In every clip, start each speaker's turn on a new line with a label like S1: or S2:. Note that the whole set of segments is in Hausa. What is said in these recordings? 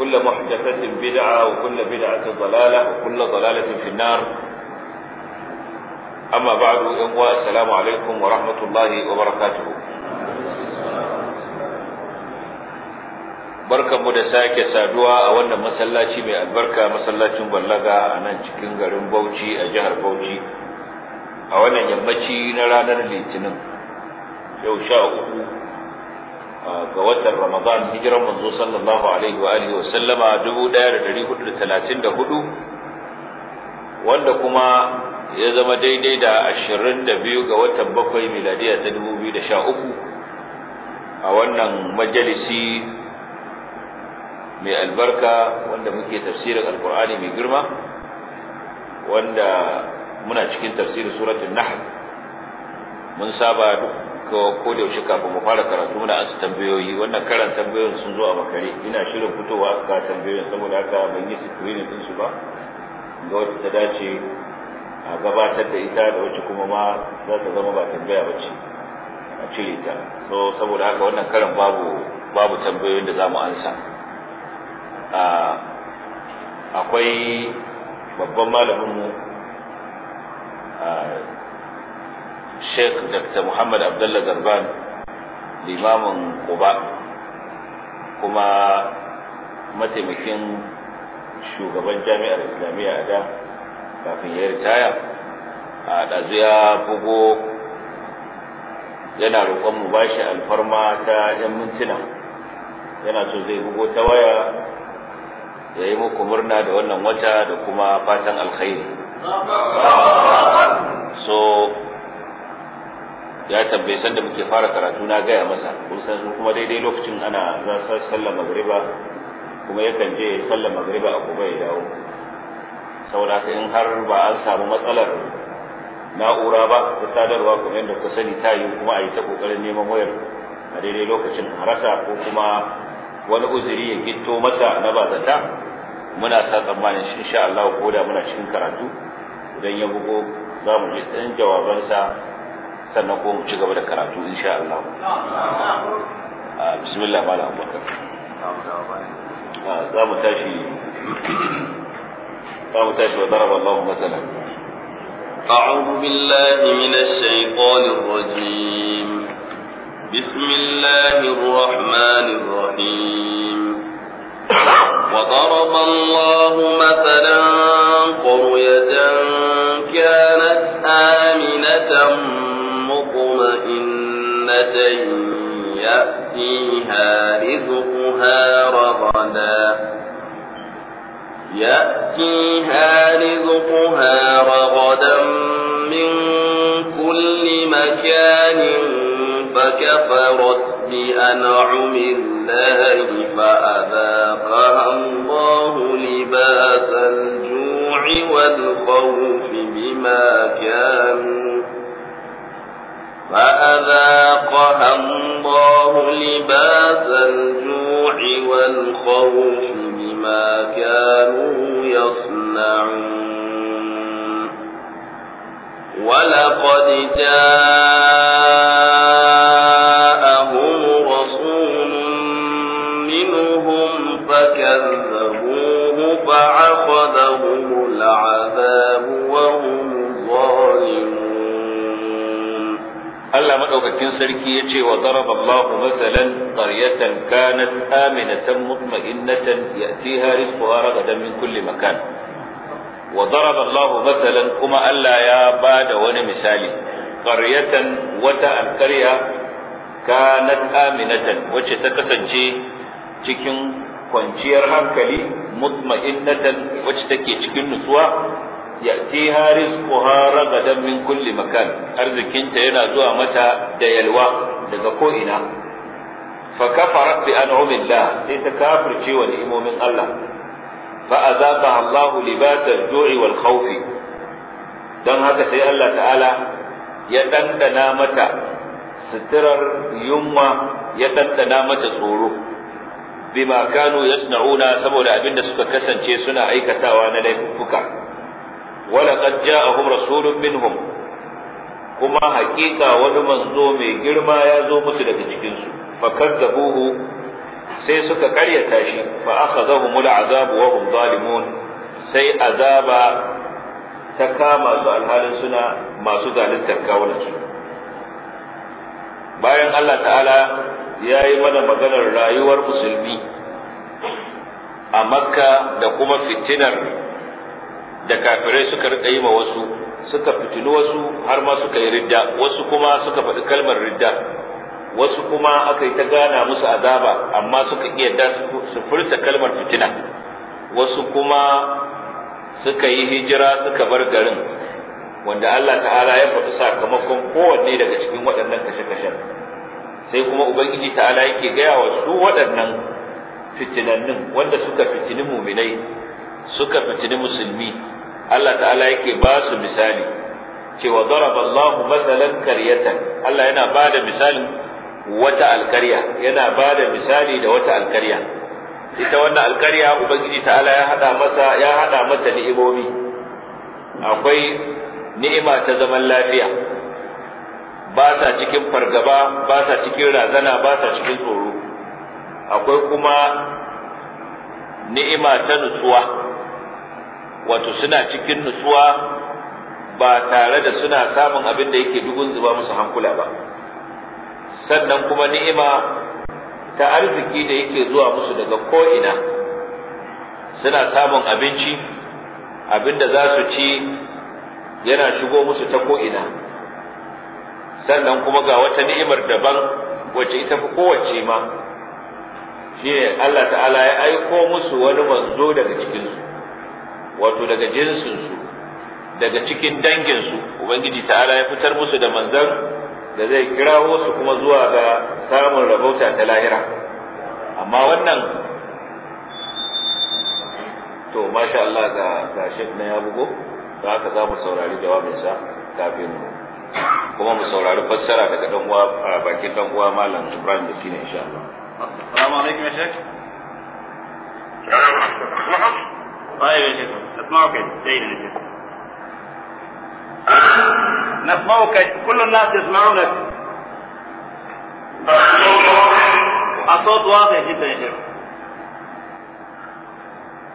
S1: وكل محدثة بدعة وكل بدعة ضلالة وكل ضلالة في النار أما بعد إخوة السلام عليكم ورحمة الله وبركاته barkan mu da sake saduwa a wannan masallaci mai albarka masallacin ballaga a nan cikin garin Bauchi a jihar Bauchi a wannan yammaci na ranar Litinin yau sha uku ga watan Ramadan hijiran manzo sallallahu alaihi wa alihi wa sallama 1434 wanda kuma ya zama daidai da 22 ga watan bakwai miladiya ta 2013 a wannan majalisi mai albarka wanda muke tafsirin alkur'ani mai girma wanda muna cikin tafsirin suratul nahl mun saba duk ko da shi kafin mu fara karatu muna asu tambayoyi wannan karan tambayoyin sun zo a makare ina shirin fitowa ga tambayoyin saboda haka ban yi screening din su ba ga wata ta dace a gabatar da ita da wacce kuma ma za ta zama ba tambaya ba ce a cire ta so saboda haka wannan karan babu babu tambayoyin da za mu ansa akwai babban malamin mu sheikh dr muhammad abdullah garban limamin kuba kuma mataimakin shugaban jami'ar islamiyya a da kafin ya ritaya a ɗazu ya bugo yana roƙon mu ba shi alfarma ta 'yan mintuna yana so zai bugo ta waya ya yi muku murna da wannan wata da kuma fatan alkhairi so ya tambaye sanda muke fara karatu na gaya masa kun san kuma daidai lokacin ana za su sallar magriba kuma yakan je sallar magriba a kuma ya dawo saboda ka in har ba an samu matsalar na'ura ba ta sadarwa kuma yadda ku sani ta yi kuma a ta kokarin neman wayar a daidai lokacin a ko kuma wani uzuri ya gitto masa na ba zata? muna sa tsammanin insha Allah ko da muna cikin karatu idan ya bugo za mu ji ɗan jawabansa sannan kuma mu ci gaba da karatu insha Allah bismillah mala abubakar za mu tashi za mu tashi wa daraba Allah masalan
S2: أعوذ بالله من الشيطان الرجيم بسم الله الرحمن الرحيم وضرب الله مثلا قرية كانت آمنة مطمئنة يأتيها رزقها رغدا يأتيها رزقها رغدا من كل مكان فكفرت بأنعم الله فأذاقها الله وقاه الله لباس الجوع والخوف بما كانوا يصنعون ولقد جاءوا
S1: madaukakin sarki ya ce wa daraba Allah masalan qaryatan kanat aminatan mutma'innatan yatiha rizquha ragadan min kulli makan wa daraba allahu masalan kuma Allah ya bada wani misali ƙaryatan wata alqarya kanat aminatan wacce ta kasance cikin kwanciyar hankali mutma'innatan wacce take cikin nutsuwa ya'tiha rizquha ragadan min kulli makan arzikinta yana zuwa mata da yalwa daga ko ina fa kafarat bi an'amillah sai ta kafirce wa ni'imomin Allah fa azaqaha Allah libas al-ju'i wal khawf dan haka sai Allah ta'ala ya dandana mata sitirar yunwa ya dandana mata tsoro bima kanu yasna'una saboda abinda suka kasance suna aikatawa na laifuka a جاءهم رسول منهم kuma haƙiƙa wani manzo mai girma ya zo musu daga cikinsu fakar da buhu sai suka karyata shi fa aka zahu mula azabu wa hum zalimun sai azaba ta kama su alhalin suna masu zaluntar kawunansu bayan Allah ta'ala ya yi mana maganar rayuwar musulmi a makka da kuma fitinar da kafirai suka rika yi ma wasu suka fitini wasu har ma suka yi ridda wasu kuma suka faɗi kalmar ridda wasu kuma aka yi ta gana musu azaba amma suka iya da su furta kalmar fitina wasu kuma suka yi hijira suka bar garin wanda Allah ta'ala ya faɗi sakamakon kowanne daga cikin waɗannan kashe-kashen sai kuma ubangiji ta'ala yake gaya wa su waɗannan fitinannin wanda suka fitini muminai suka fitini musulmi Allah ta'ala yake ba su misali cewa daraba Allah matsalan karyatan Allah yana ba da misalin wata alkarya yana ba da misali da wata alkarya ita wannan alkarya ubangiji ta'ala ya hada masa ya hada mata ni'imomi akwai ni'ima ta zaman lafiya ba sa cikin fargaba ba sa cikin razana ba sa cikin tsoro akwai kuma ni'ima ta nutsuwa wato suna cikin nutsuwa ba tare da suna samun abin da yake dugun zuba musu hankula ba sannan kuma ni'ima ta arziki da yake zuwa musu daga ko'ina suna samun abinci abin da za su ci yana shigo musu ta ko'ina sannan kuma ga wata ni'imar daban wacce ita fi kowace ma shi Allah ta'ala ya aiko musu wani manzo daga cikinsu wato daga jinsin su daga cikin dangin su ubangiji ta'ala ya fitar musu da manzan da zai kirawo su kuma zuwa ga samun rabauta ta lahira amma wannan to masha Allah ga ga shek na ya bugo za ka za mu saurari jawabinsa kafin kuma mu saurari fassara daga dan uwa bakin dan uwa malam Ibrahim da shine insha Allah
S3: assalamu alaikum shek
S1: طيب يا شيخ
S4: اسمعوك جيدا يا شيخ نسمعك كل الناس يسمعونك الصوت واضح جدا يا شيخ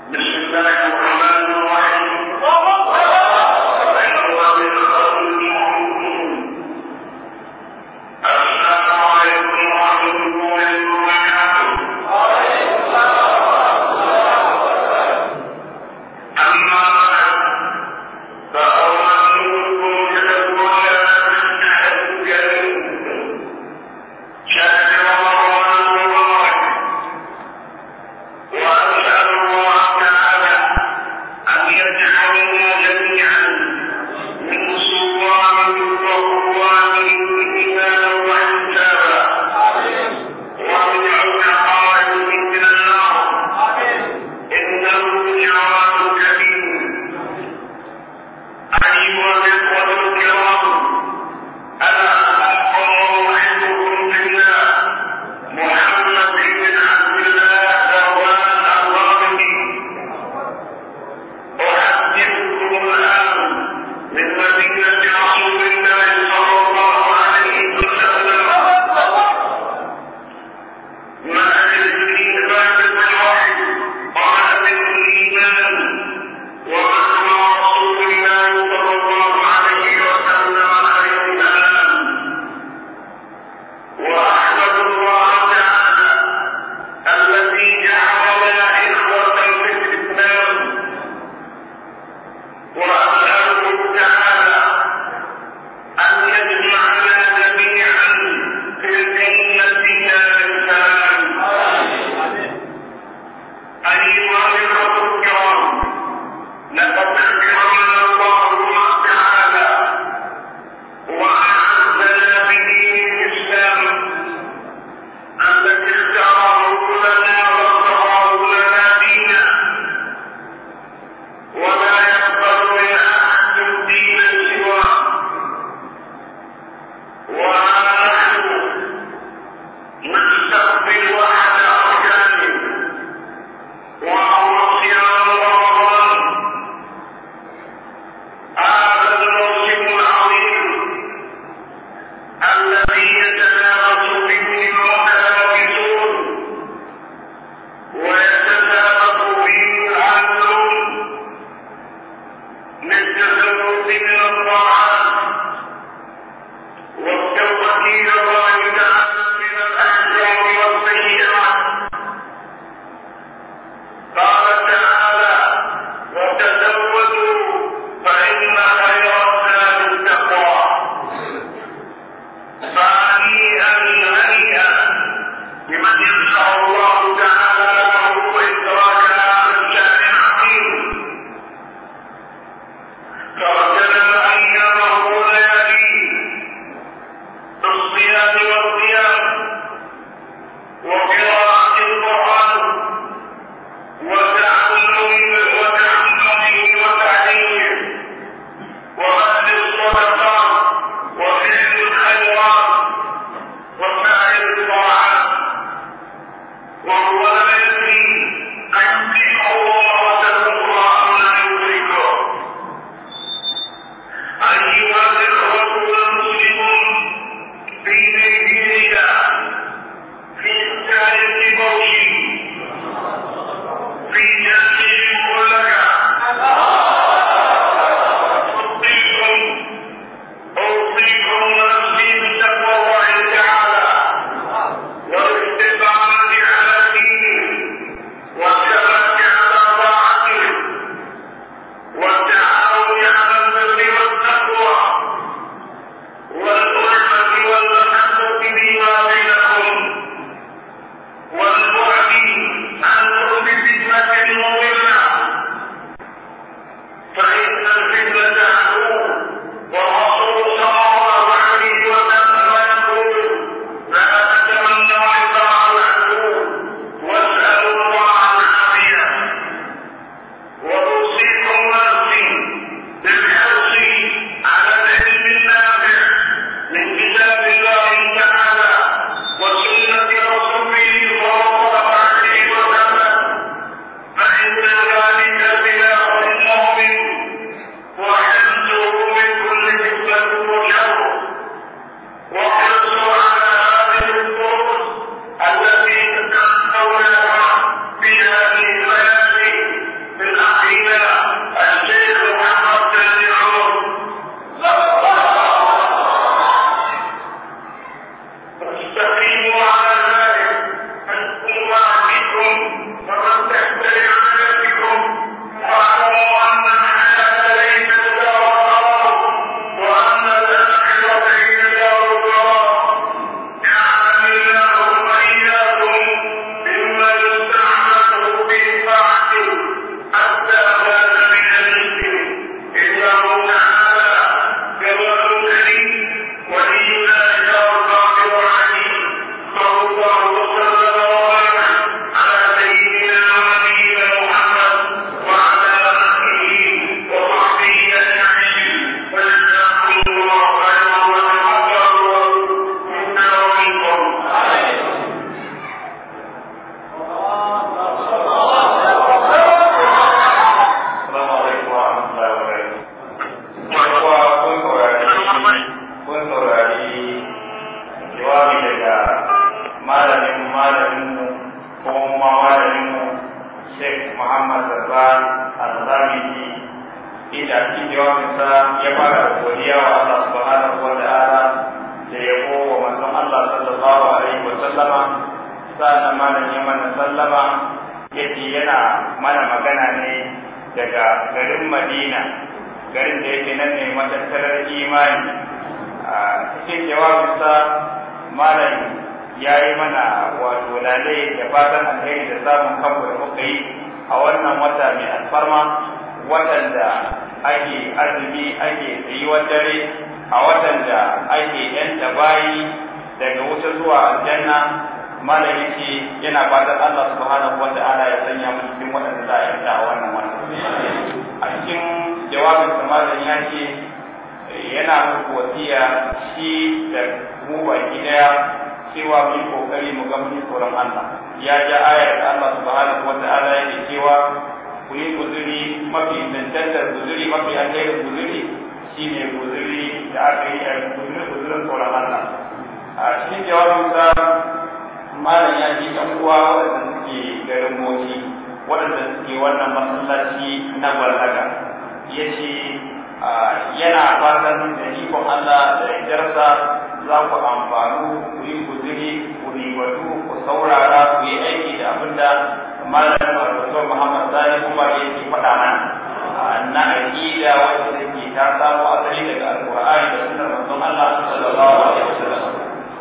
S3: بسم الله الرحمن الرحيم
S4: godiya wa Allah subhanahu wa ta'ala da ya wa manzon Allah sallallahu alaihi wa sallama sa'an malam ya mana sallama yake yana mana magana ne daga garin Madina garin da yake nan ne matattarar imani a cikin jawabinsa malam ya yi mana wato lalai da fatan alheri da samun kanmu da muka yi a wannan wata mai alfarma waɗanda ake azumi ake tsayuwar dare a watan da ake yanta bayi daga wuta zuwa aljanna malami shi yana fatan Allah subhanahu wa ta'ala ya sanya mu cikin waɗanda za a yanta a wannan wata a cikin jawabin sa malami ya ce yana muku wasiya shi da mu baki daya cewa mu yi kokari mu ga mun tsoron Allah ya ja ayar da Allah subhanahu wa ta'ala yake cewa ku yi guzuri mafi dantantar guzuri mafi alherin guzuri shi ne guzuri da aka yi a eh, guzuri guzurin tsoron Allah a cikin jawabinsa malam ya ji ɗan uwa waɗanda suke garin moci waɗanda suke wannan masallaci na gwalaga ya ce Ah, yana fatan da ko Allah da yardarsa za ku amfanu ku yi guzuri ku nimatu ku saurara ku yi aiki da abin da malam Rasul Muhammad Sani kuma yake faɗa mana ah, na aqida wanda take ta samu asali daga Alqur'ani da sunnar manzon Allah sallallahu alaihi wasallam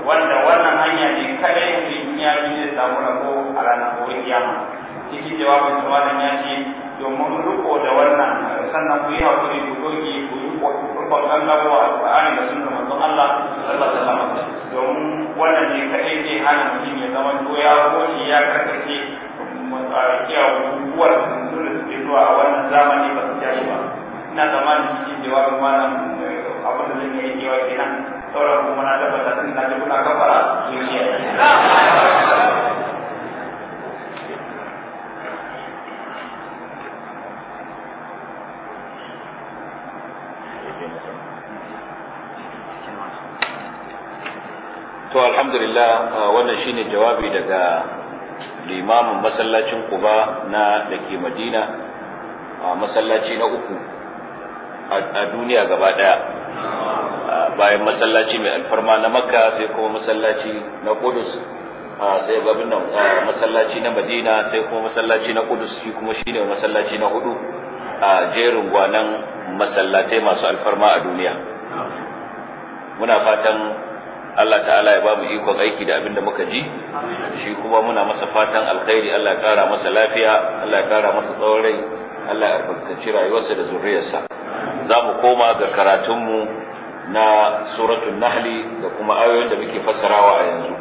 S4: wanda wannan hanya ne kadai mutum ya yi zai samu rabo a ranar gobe kiyama cikin jawabin da malam ya ce domin riko da wannan sannan ku yi hakuri ku doki ku riko rikon gangarwa a Qur'ani da sunnar manzon Allah sallallahu alaihi wasallam domin wannan ne kadai ke hana mutum ya zama ko ya goce ya karkace kiyawuwar da suke zuwa a wannan zamani ba su tashi ba ina zamanin cikin jawabin malam eh, abin da zan yi kewa kenan sauran kuma na tabbata sun na ji kuna kafara zuciya
S1: to alhamdulillah uh, wannan shine jawabi daga limamin masallacin Quba na dake Madina masallaci na uku a duniya gaba daya bayan masallaci mai alfarma na Makka sai kuma masallaci na Qudus sai babin nan masallaci na Madina sai kuma masallaci na Qudus shi kuma shine masallaci na hudu a jerin gwanan masallatai masu alfarma a duniya muna fatan Allah ta'ala ya ba mu ikon aiki da abinda muka ji shi kuma muna masa fatan alkhairi Allah ya kara masa lafiya Allah ya kara masa tsawon rai Allah ya albarkaci rayuwarsa da zuriyarsa za mu koma ga karatunmu na suratul nahli da kuma ayoyin da muke fassarawa a yanzu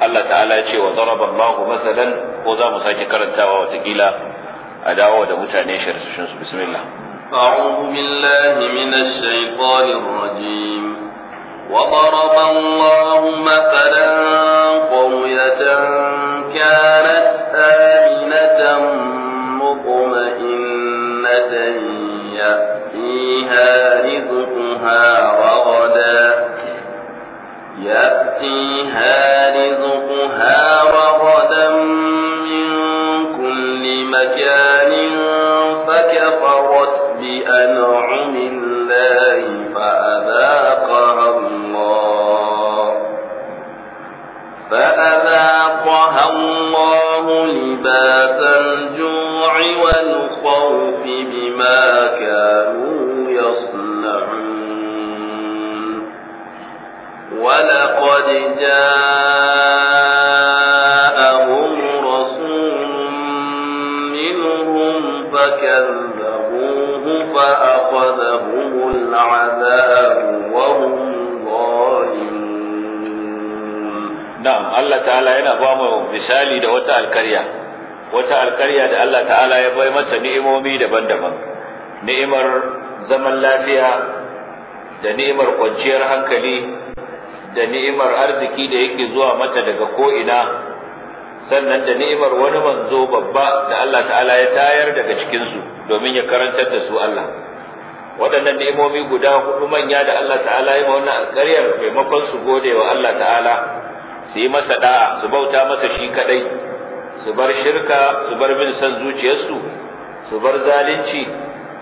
S1: Allah ta'ala ya ce wa daraba Allahu masalan ko za mu sake karantawa watakila a dawo da mutane shirin su bismillah
S2: أعوذ بالله من الشيطان الرجيم وضرب كانت آمنة مطمئنة يأتيها رزقها رغدا يأتيها رزقها
S1: misali da wata alkarya wata alkarya da Allah ta'ala ya bai mata ni'imomi daban-daban ni'imar zaman lafiya da ni'imar kwanciyar hankali da ni'imar arziki da yake zuwa mata daga ko'ina sannan da ni'imar wani manzo babba da Allah ta'ala ya tayar daga cikinsu domin ya karantar da su Allah waɗannan ni'imomi guda hudu manya da Allah ta'ala ya ma wannan alƙaryar maimakon su gode wa Allah ta'ala su yi masa da'a su bauta masa shi kadai su bar shirka su bar bin san zuciyarsu su bar zalunci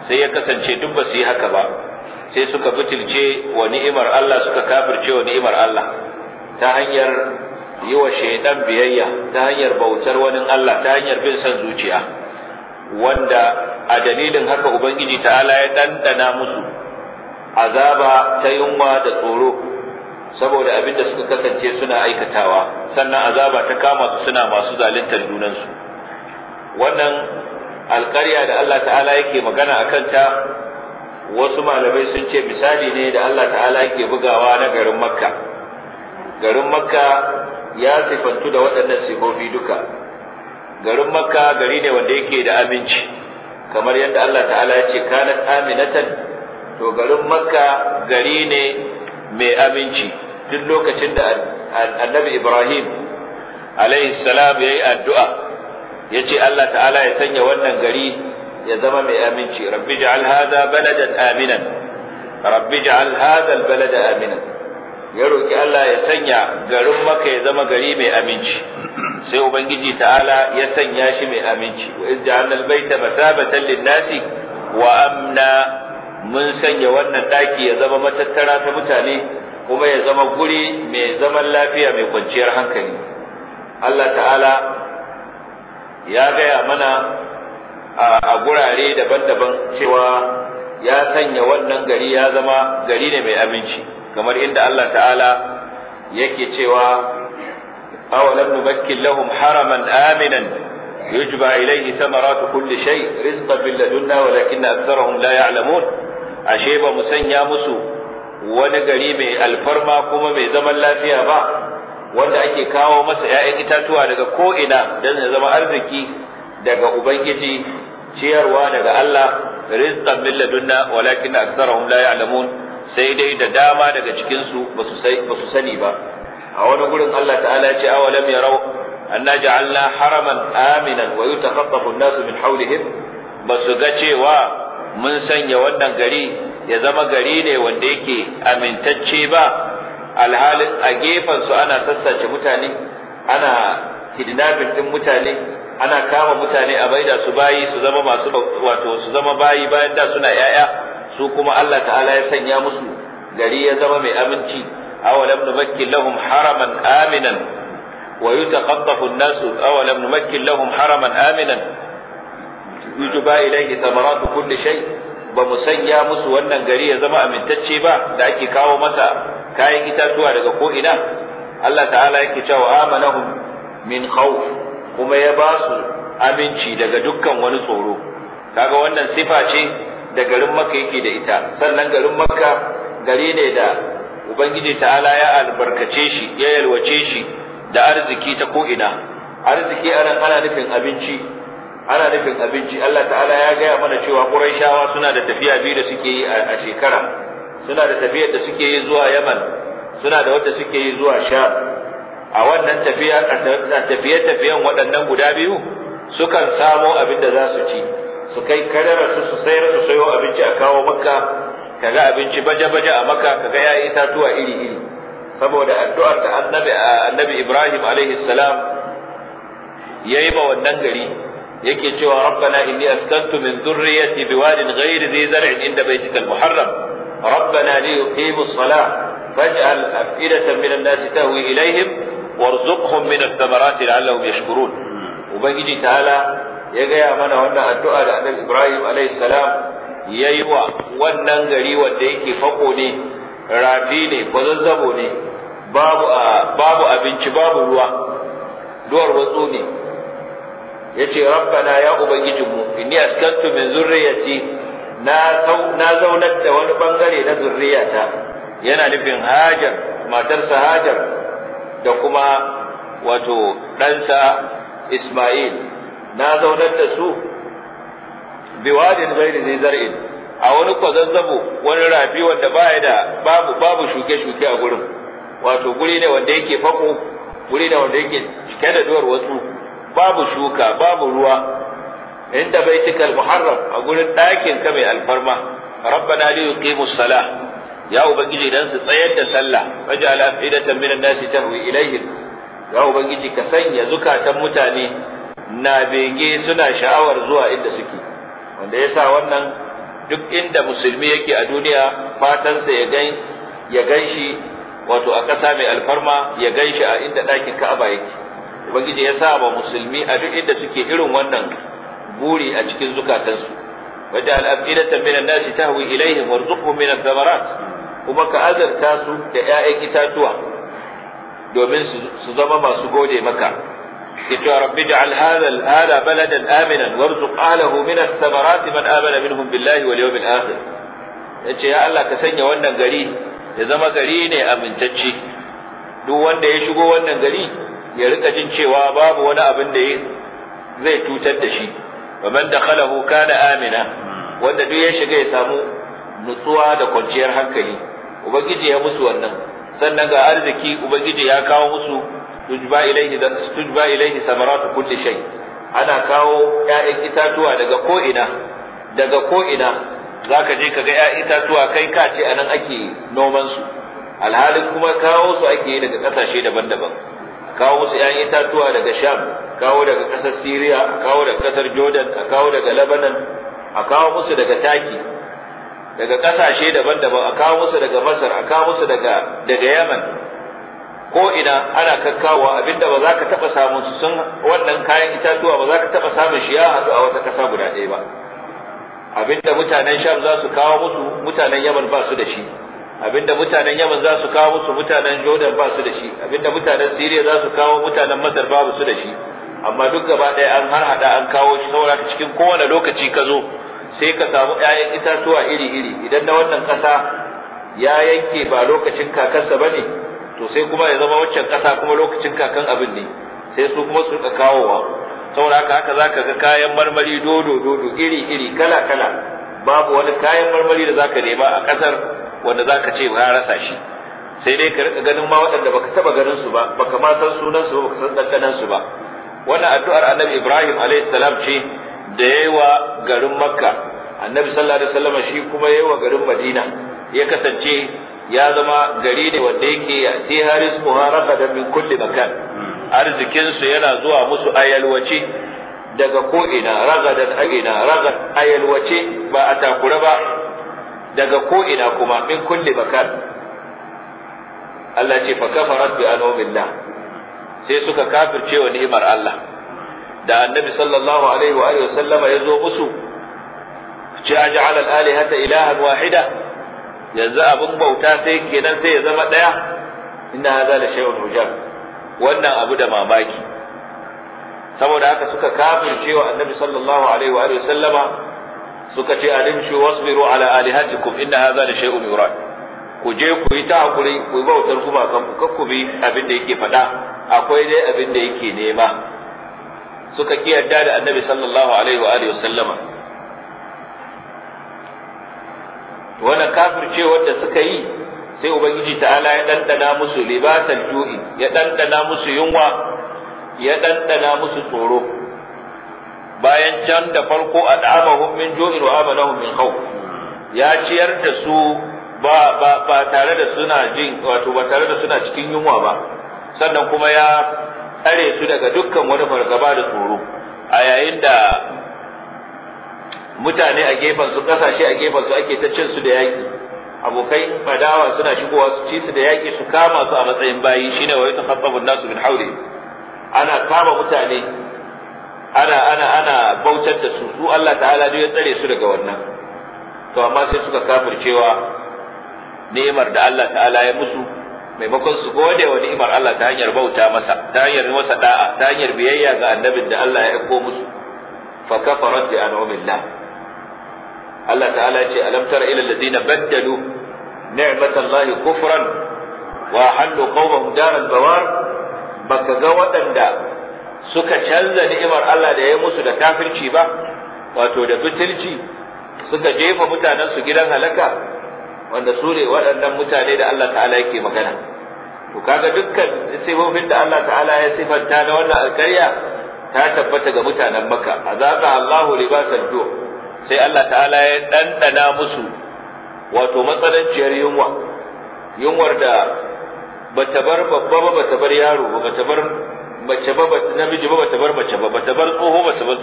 S1: sai ya kasance duk ba su yi haka ba sai suka fitilce wa ni'imar Allah suka kafirce wa ni'imar Allah ta hanyar yi wa shaidan biyayya ta hanyar bautar wani Allah ta hanyar bin san zuciya wanda a dalilin haka ubangiji ta'ala ya dandana musu azaba ta yunwa da tsoro saboda abin da suka kasance suna aikatawa sannan azaba ta kama su suna masu zaluntar junansu wannan alƙarya da Allah ta'ala yake magana a kanta wasu malamai sun ce misali ne da Allah ta'ala yake bugawa na garin makka garin makka ya sifantu da waɗannan sifofi duka garin makka gari ne wanda yake da aminci kamar yadda Allah ta'ala ya ce kanat aminatan to garin makka gari ne mai aminci duk lokacin da annabi Ibrahim alaihi salam ya yi addu'a ya ce Allah ta'ala ya sanya wannan gari ya zama mai aminci rabbi ja'al hadha baladan aminan rabbi ja'al hadha albalada aminan ya roki Allah ya sanya garin maka ya zama gari mai aminci sai ubangiji ta'ala ya sanya shi mai aminci wa iz ja'alna albayta masabatan lin-nasi wa amna mun sanya wannan ɗaki ya zama matattara ta mutane kuma ya zama guri mai zaman lafiya mai kwanciyar hankali Allah ta'ala ya gaya mana a gurare daban-daban cewa ya sanya wannan gari ya zama gari ne mai aminci kamar inda Allah ta'ala yake cewa awalam nubakkin lahum haraman aminan yujba ilayhi thamaratu kulli shay rizqan min ladunna walakinna aktharahum la ya'lamun ashe ba mu sanya musu wani gari mai alfarma kuma mai zaman lafiya ba wanda ake kawo masa 'ya'yan itatuwa daga ko'ina don ya zama arziki daga ubangiji ciyarwa daga Allah rizqan min ladunna walakin aktsarahum la ya'lamun sai dai da dama daga cikin su basu sai basu sani ba a wani gurin Allah ta'ala ya ce awalam yarau anna ja'alna haraman aminan wa yutaqattafu an-nasu min hawlihim basu ga cewa mun sanya wannan gari ya zama gari ne wanda yake amintacce ba alhalin a gefen su ana sassace mutane ana kidnapping din mutane ana kama mutane a baida su bayi su zama masu wato su zama bayi bayan da suna yaya su kuma Allah ta'ala ya sanya musu gari ya zama mai aminci awalam nubakkin lahum haraman aminan wa yutaqaffafu an-nasu awalam nubakkin lahum haraman aminan yujba ilayhi thamaratu kulli shay' ba mu sanya musu wannan gari ya zama amintacce ba da ake kawo masa kayan itatuwa daga ko ina Allah ta'ala yake cewa amanahum min khawf kuma ya ba su aminci daga dukkan wani tsoro kaga wannan sifa ce da garin Makka yake da ita sannan garin Makka gari ne da ubangiji ta'ala ya albarkace shi ya yalwace shi da arziki ta ko ina arziki anan ana nufin abinci ana nufin abinci Allah ta'ala ya gaya mana cewa Qurayshawa suna da tafiya biyu da suke yi a shekara suna da tafiyar da suke yi zuwa Yaman suna da wata suke yi zuwa Sha a wannan tafiya a tafiye tafiyan waɗannan guda biyu sukan samo abin da za su ci su kai kadara su su sayar su sayo abinci a kawo Makka kaga abinci baje baje a Makka kaga ya itatuwa iri iri saboda addu'ar da Annabi Annabi Ibrahim alaihi salam yayi ba wannan gari yake cewa rabbana inni askantu min dhurriyyati biwadin ghairi dhi zar'in inda baytikal muharram rabbana li yuqimu as-salah faj'al af'idatan min an-nasi tahwi ilayhim warzuqhum min ath-thamarati la'allahum yashkurun ubangiji ta'ala ya gaya mana wannan addu'a da annabi Ibrahim alayhi salam yayi wa wannan gari wanda yake fako ne rafi ne kwazazzabo ne babu abinci babu ruwa duwar watsu ne yace rabbana ya mu inni askantu min zurriyati na na zaunar da wani bangare na zurriyata yana nufin hajar matarsa hajar da kuma wato ɗansa isma'il na zaunar da su biwadin ghairi zai zar'in a wani kwazazzabo wani rafi wanda baya da babu babu shuke-shuke a gurin wato guri ne wanda yake fako guri ne wanda yake cike da duwar wasu babu shuka babu ruwa inda baitikal muharram a gurin ɗakin ka mai alfarma rabbana li yuqimu salah ya ubangiji dan su tsayar da sallah waj'al afidatan minan nasi tahwi ilaihim ya ubangiji ka sanya zukatan mutane na bege suna sha'awar zuwa inda suke wanda yasa wannan duk inda musulmi yake a duniya fatansa ya gan ya ganshi wato a ƙasa mai alfarma ya ganshi a inda ɗakin Ka'aba yake ubangiji ya saba musulmi a duk inda suke irin wannan buri a cikin zukatansu wajen al'abdilatan minan nasi tahwi ilaihim warzuqhum min ath-thamarat kuma ka azarta su da ƴaƴan itatuwa domin su zama masu gode maka cewa rabbi ja'al hadha al-ala baladan aminan warzuq ahlihi min thamarat man amana minhum billahi wal yawmil akhir yace ya Allah ka sanya wannan gari ya zama gari ne amintacce duk wanda ya shigo wannan gari ya rika jin cewa babu wani abin da zai tutar da shi wa man dakhalahu kana amina wanda duk ya shiga ya samu nutsuwa da kwanciyar hankali ubangiji ya musu wannan sannan ga arziki ubangiji ya kawo musu tujba ilaihi tujba ilaihi samaratu kulli shay ana kawo ƴaƴan itatuwa daga ko ina daga ko ina zaka je ka ga ƴaƴan itatuwa kai ka ce anan ake noman su alhalin kuma kawo su ake daga ƙasashe daban-daban kawo musu ‘ya'yan itatuwa daga sham kawo daga ƙasar Syria, a kawo daga ƙasar jordan a kawo daga lebanon a kawo musu daga taki daga ƙasashe daban-daban a kawo musu daga masar a kawo musu daga daga yaman ko ina ana kakkawa abinda ba za ka taɓa samun su sun wannan kayan itatuwa ba za ka taɓa samun shi ya haɗu a wata ƙasa guda ɗaya ba abinda mutanen sham za su kawo musu mutanen yaman ba su da shi abinda mutanen Yaman za su kawo musu mutanen Jordan ba su da shi abinda mutanen siriya za su kawo mutanen Masar ba su da shi amma duk gaba ɗaya an har hada an kawo shi saboda cikin kowane lokaci ka zo sai ka samu ƴaƴan itatuwa iri iri idan na wannan ƙasa ya yanke ba lokacin kakarsa ne, to sai kuma ya zama waccan ƙasa kuma lokacin kakan abin ne sai su kuma su kawowa saboda haka haka zaka ga kayan marmari dodo dodo iri iri kala kala babu wani kayan marmari da zaka nema a ƙasar wanda zaka ce ba rasa shi sai dai ka rika ganin ma waɗanda baka taba ganin su ba baka ma san sunan su ba baka san dandanan su ba wannan addu'ar annabi Ibrahim alaihi salam ce da yawa garin Makka annabi sallallahu alaihi wasallam shi kuma yawa garin Madina ya kasance ya zama gari ne wanda yake ya haris muharaka da min kulli makan arzikin su yana zuwa musu ayalwace daga ko ina ragadan agina ragad ayalwace ba a takura ba daga ko ina kuma min kulli makan Allah ce fa kafarat bi anumillah sai suka kafirce wa ni'imar Allah da annabi sallallahu alaihi wa sallama ya zo musu ce aj'al al-alihata ilahan wahida yanzu abin bauta sai kenan sai ya zama daya inna hadha la shay'un ujab wannan abu da mamaki saboda haka suka kafirce wa annabi sallallahu alaihi wa sallama suka ce shi wasbiru ala alihatikum inna hadha la shay'un yurad ku je ku yi ta hakuri ku bautar ku ba kan ku bi abin da yake faɗa akwai dai abin da yake nema suka ki yarda da annabi sallallahu alaihi wa alihi wasallama wannan kafirce wanda suka yi sai ubangiji ta'ala ya dandana musu libatan ju'i ya dandana musu yunwa ya dandana musu tsoro bayan can da farko ad'amahum min ju'in wa amanahum min khawf ya ciyar da su ba ba ba tare da suna jin wato ba tare da suna cikin yunwa ba sannan kuma ya tsare su daga dukkan wani fargaba da tsoro a yayin da mutane a gefen su kasashe a gefen su ake ta cin su da yaki abokai fadawa suna shigowa su ci su da yaki su kama su a matsayin bayi shine wa yatakhattabu an-nasu min hauri. ana kama mutane ana ana ana bautar da su su Allah ta'ala ne ya tsare su daga wannan to amma sai suka kafircewa ni'imar da Allah ta'ala ya musu maimakon su gode wa ni'imar Allah ta hanyar bauta masa ta hanyar masa da'a ta hanyar biyayya ga annabin da Allah ya aiko musu fa kafarat bi an'amillah Allah ta'ala ya ce alam tara ila alladhina baddalu ni'matallahi kufran wa halu qaumahum daral bawar baka ga waɗanda suka canza ni'imar Allah da ya musu da kafirci ba wato da butulci suka jefa mutanen su gidan halaka wanda su ne waɗannan mutane da Allah ta'ala yake magana to kaga dukkan sifofin da Allah ta'ala ya sifanta na wannan alƙarya ta tabbata ga mutanen Makka azaba Allahu libasan ju sai Allah ta'ala ya dandana musu wato matsalanciyar yunwa yunwar da bata bar babba ba bata bar yaro ba bata bar mace ba namiji ba bata bar mace ba bata bar tsoho ba ta bar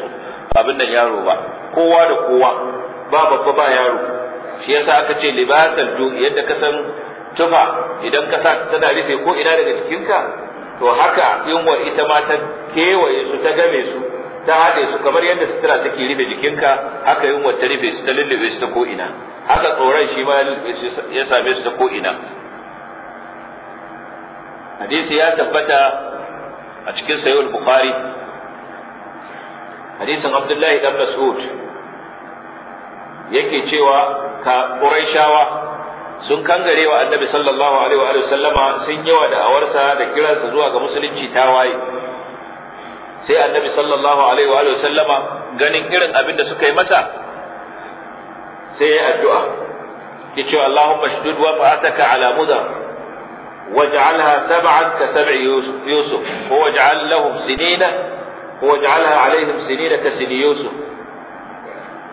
S1: abin nan yaro ba
S4: kowa da kowa
S1: ba babba ba yaro shi yasa aka ce libasal ju yadda ka san tufa idan ka sa tana rufe ko ina daga jikinka to haka yunwar ita ma ta kewaye su ta game su ta haɗe su kamar yadda sutura take rufe jikinka haka yunwar ta rufe su ta lullube su ta ko ina haka tsoron shi ma ya same su ta ko ina hadisi ya tabbata a cikin sahih bukhari hadisin abdullahi dan mas'ud yake cewa ka quraishawa sun kangare wa annabi sallallahu alaihi wa sallama sun da awarsa da kiransa zuwa ga musulunci tawaye sai annabi sallallahu alaihi wa sallama ganin irin abin da suka yi masa sai ya addu'a ke cewa allahumma shdud wa fa'ataka ala mudar واجعلها سبعا كسبع يوسف, يوسف واجعل لهم سنين واجعلها عليهم سنين كسن يوسف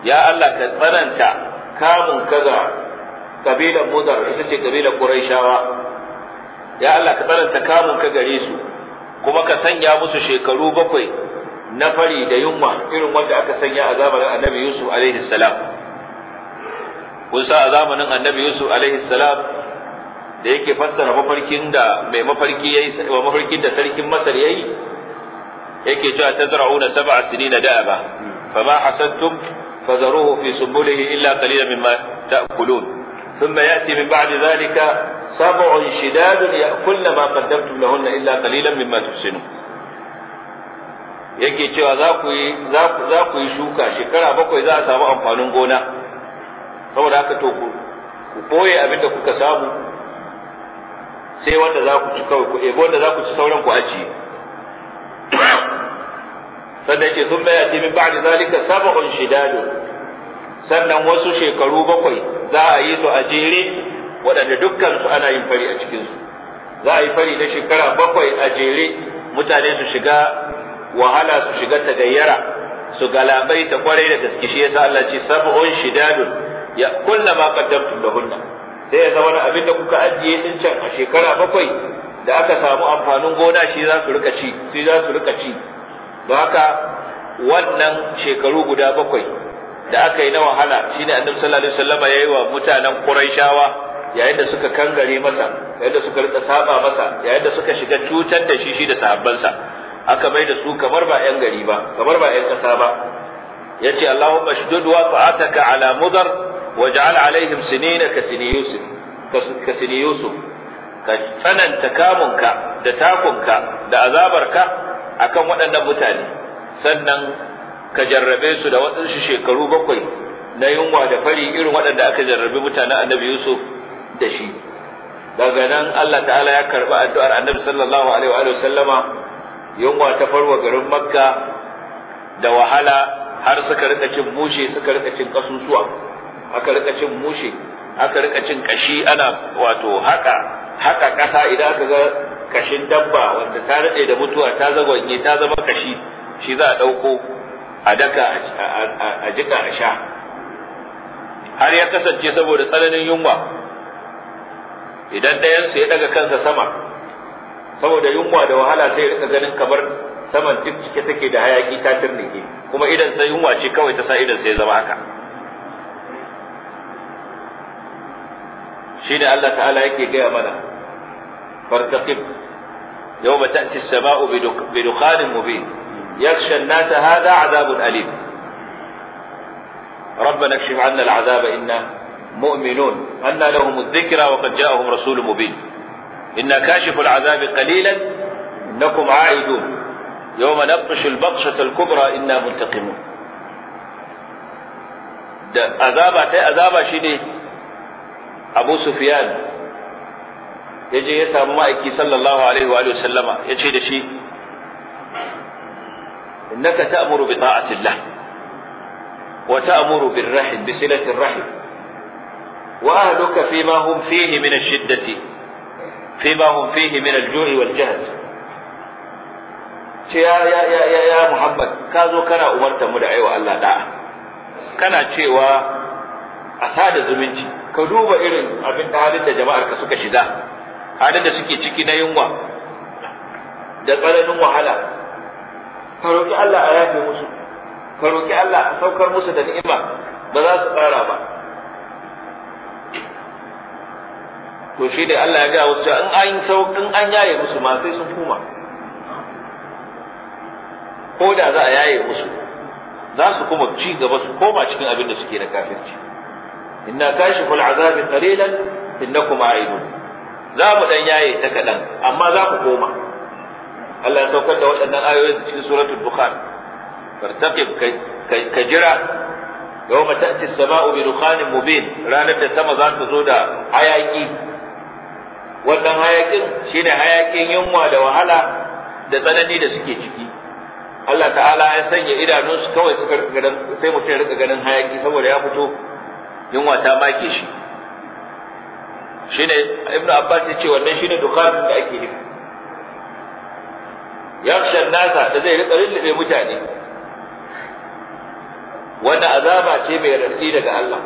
S1: يا الله كتبننت كام كذا قبيلة مدر تسجي قبيلة قريشاوة ya Allah ka tsananta kamun ka gare kuma ka sanya musu shekaru bakwai na fari da yunwa irin wanda aka sanya a zamanin annabi Yusuf alaihi kun sa a zamanin annabi Yusuf da yake fassara mafarkin da mai mafarki yayi wa mafarkin da sarkin Masar yayi yake cewa tazra'una sab'a sinina da'aba fama hasadtum fazaruhu fi sumbulihi illa qalilan mimma ta'kulun ثم يأتي من بعد ذلك سبع شداد يأكلن ما قدمتم لهن إلا قليلا مما تحسنون yake cewa za ku yi za ku yi shuka shekara bakwai za a samu amfanin gona saboda haka to ku ku boye abin da kuka samu sai wanda za ku ci kawai ku ebo wanda za ku ci sauran ku ajiye sannan ke sun bayar min ba'da zalika sab'un shidadu sannan wasu shekaru bakwai za a yi su a jere waɗanda dukkan su ana yin fari a cikin su za a yi fari na shekara bakwai a jere mutane su shiga wahala su shiga ta gayyara su galabai ta kwarai da gaske shi sa Allah ce sab'un shidadun ya kullama qaddamtum lahunna sai ya zama abin da kuka ajiye din can a shekara bakwai da aka samu amfanin gona shi za su rika ci sai za su rika ci don haka wannan shekaru guda bakwai da aka yi na wahala shi ne annabi sallallahu alaihi wasallam ya yi wa mutanen quraishawa yayin da suka kangare masa yayin da suka rika saba masa yayin da suka shiga cutar da shi shi da sahabbansa aka bai da su kamar ba yan gari ba kamar ba yan kasa ba yace allahumma shdud wa ta'ataka ala mudar waj'al alaihim sinina ka sini yusuf ka sini yusuf ka tsananta kamunka da takunka da azabarka akan waɗannan mutane sannan ka jarrabe su da waɗansu shekaru bakwai na yunwa da fari irin waɗanda aka jarrabe mutanen annabi yusuf da shi daga nan Allah ta'ala ya karɓi addu'ar annabi sallallahu alaihi wa sallama yunwa ta farwa garin makka da wahala har suka rika cin mushe suka rika cin kasusuwa aka rika cin mushe aka rika cin kashi ana wato haka haka kasa idan aka ga kashin dabba wanda ta rade da mutuwa ta zagwanye ta zama kashi shi za a dauko a daka a jika a sha har ya kasance saboda tsananin yunwa idan su ya daga kansa sama saboda yunwa da wahala sai ya ganin kamar saman duk cike take da hayaki ta tirnike kuma idan sai yunwa ce kawai ta sa idan sai zama haka shi da Allah ta'ala yake gaya mana fartaqib yawma ta'ti as-sama'u bi dukhanin mubin yakhsha an-nasa hadha 'adhabun alim ربنا اكشف عنا العذاب إنا مؤمنون أن لهم الذكرى وقد جاءهم رسول مبين إنا كاشف العذاب قليلا إنكم عائدون يوم نبطش البطشة الكبرى إنا منتقمون da azaba ta azaba shi ne abu Sufiyan ya je ya samu ma'aiki sallallahu alaihi wa sallama ya ce da shi innaka ta'muru bi ta'atillah wa ta'muru bir rahim bi silati rahim wa ahluka fi ma hum fihi min ash-shiddati fi ma hum fihi min al-ju'i wal jahd ce ya ya ya ya Muhammad ka zo kana umartar mu da aiwa Allah da'a kana cewa a sada zumunci ka duba irin abin da halin da jama'ar ka suka shiga halin da suke ciki na yunwa da tsananin wahala ka roki Allah a yafe musu ka roki Allah a saukar musu da ni'ima ba za su tsara ba to shi da Allah ya ga wasu in an saukin an yaye musu ma sai sun kuma ko da za a yaye musu za su kuma ci gaba su koma cikin abin da suke na kafirci inna kashiful azabi qalilan innakum a'idun za mu dan yaye ta kadan amma za ku koma Allah ya saukar da waɗannan ayoyin cikin suratul dukhan fartaqib ka jira yawma ta'ti as-sama'u bi dukhanin mubin ranar da sama za ta zo da hayaki wannan hayakin shine hayakin yunwa da wahala da tsanani da suke ciki Allah ta'ala ya sanya idanunsu kawai suka sai mutum ya rika ganin hayaki saboda ya fito yunwa ta make shi shine ibnu abbas ya ce wannan shine dukanin da ake yi. yakshan nasa da zai rika lullube mutane wanda azaba ce mai rasi daga Allah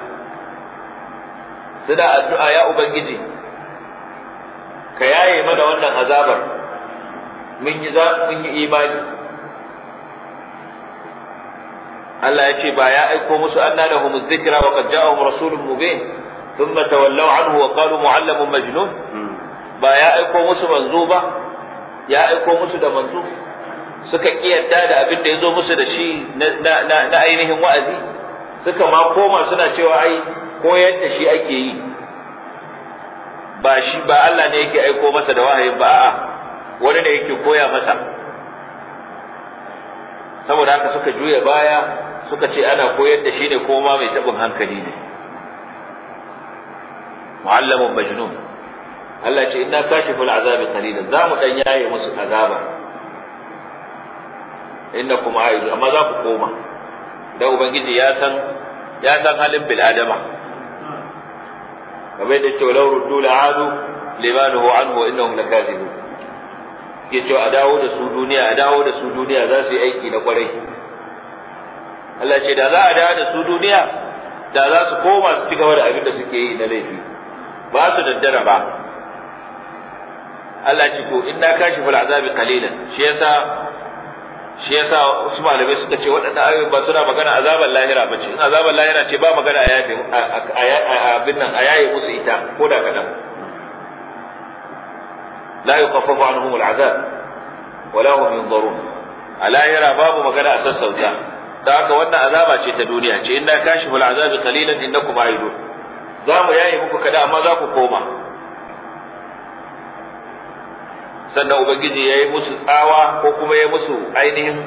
S1: suna addu'a ya ubangiji ka yaye mana wannan azabar mun yi imani Allah ya ce ba ya aiko musu anna lahum dhikra wa qad ja'ahum rasulun mubin thumma tawallaw anhu wa qalu mu'allamun majnun ba ya aiko musu manzo ba ya aiko musu da manzo suka kiyarda da abin da ya zo musu da shi na ainihin wa'azi suka ma koma suna cewa ai koyar da shi ake yi ba shi ba Allah ne yake aiko masa da wahayin ba a'a wani ne yake koya masa saboda haka suka juya baya suka ce ana koyar da shi ne ko ma mai tabin hankali ne mu'allamun majnun Allah ce inna kashiful azabi qalilan za mu dan yaye musu azaba kuma aidu amma za ku koma da ubangiji ya san ya san halin bil adama kamar da ce law ruddu la'adu limanuhu anhu innahum lakazibun ke cewa a dawo da su duniya a dawo da su duniya za su yi aiki na kwarai Allah ce da za a dawo da su duniya da za su koma su ci gaba da abin da suke yi na laifi ba su daddara ba Allah ce ko inna kashi fil azabi qalilan shi yasa shi yasa wasu malamai suka ce waɗannan ayoyin ba suna magana azaban lahira ba ce in azaban lahira ce ba magana a yafe abin nan a yaye musu ita ko da kadan la yuqaffafu anhum azab wa lahum yunzarun a lahira babu magana a sassauta da haka wannan azaba ce ta duniya ce inna kashifu al'azabi qalilan innakum aidun za mu yaye muku kada amma za ku koma sannan ubangiji yayi musu tsawa ko kuma yayi musu ainihin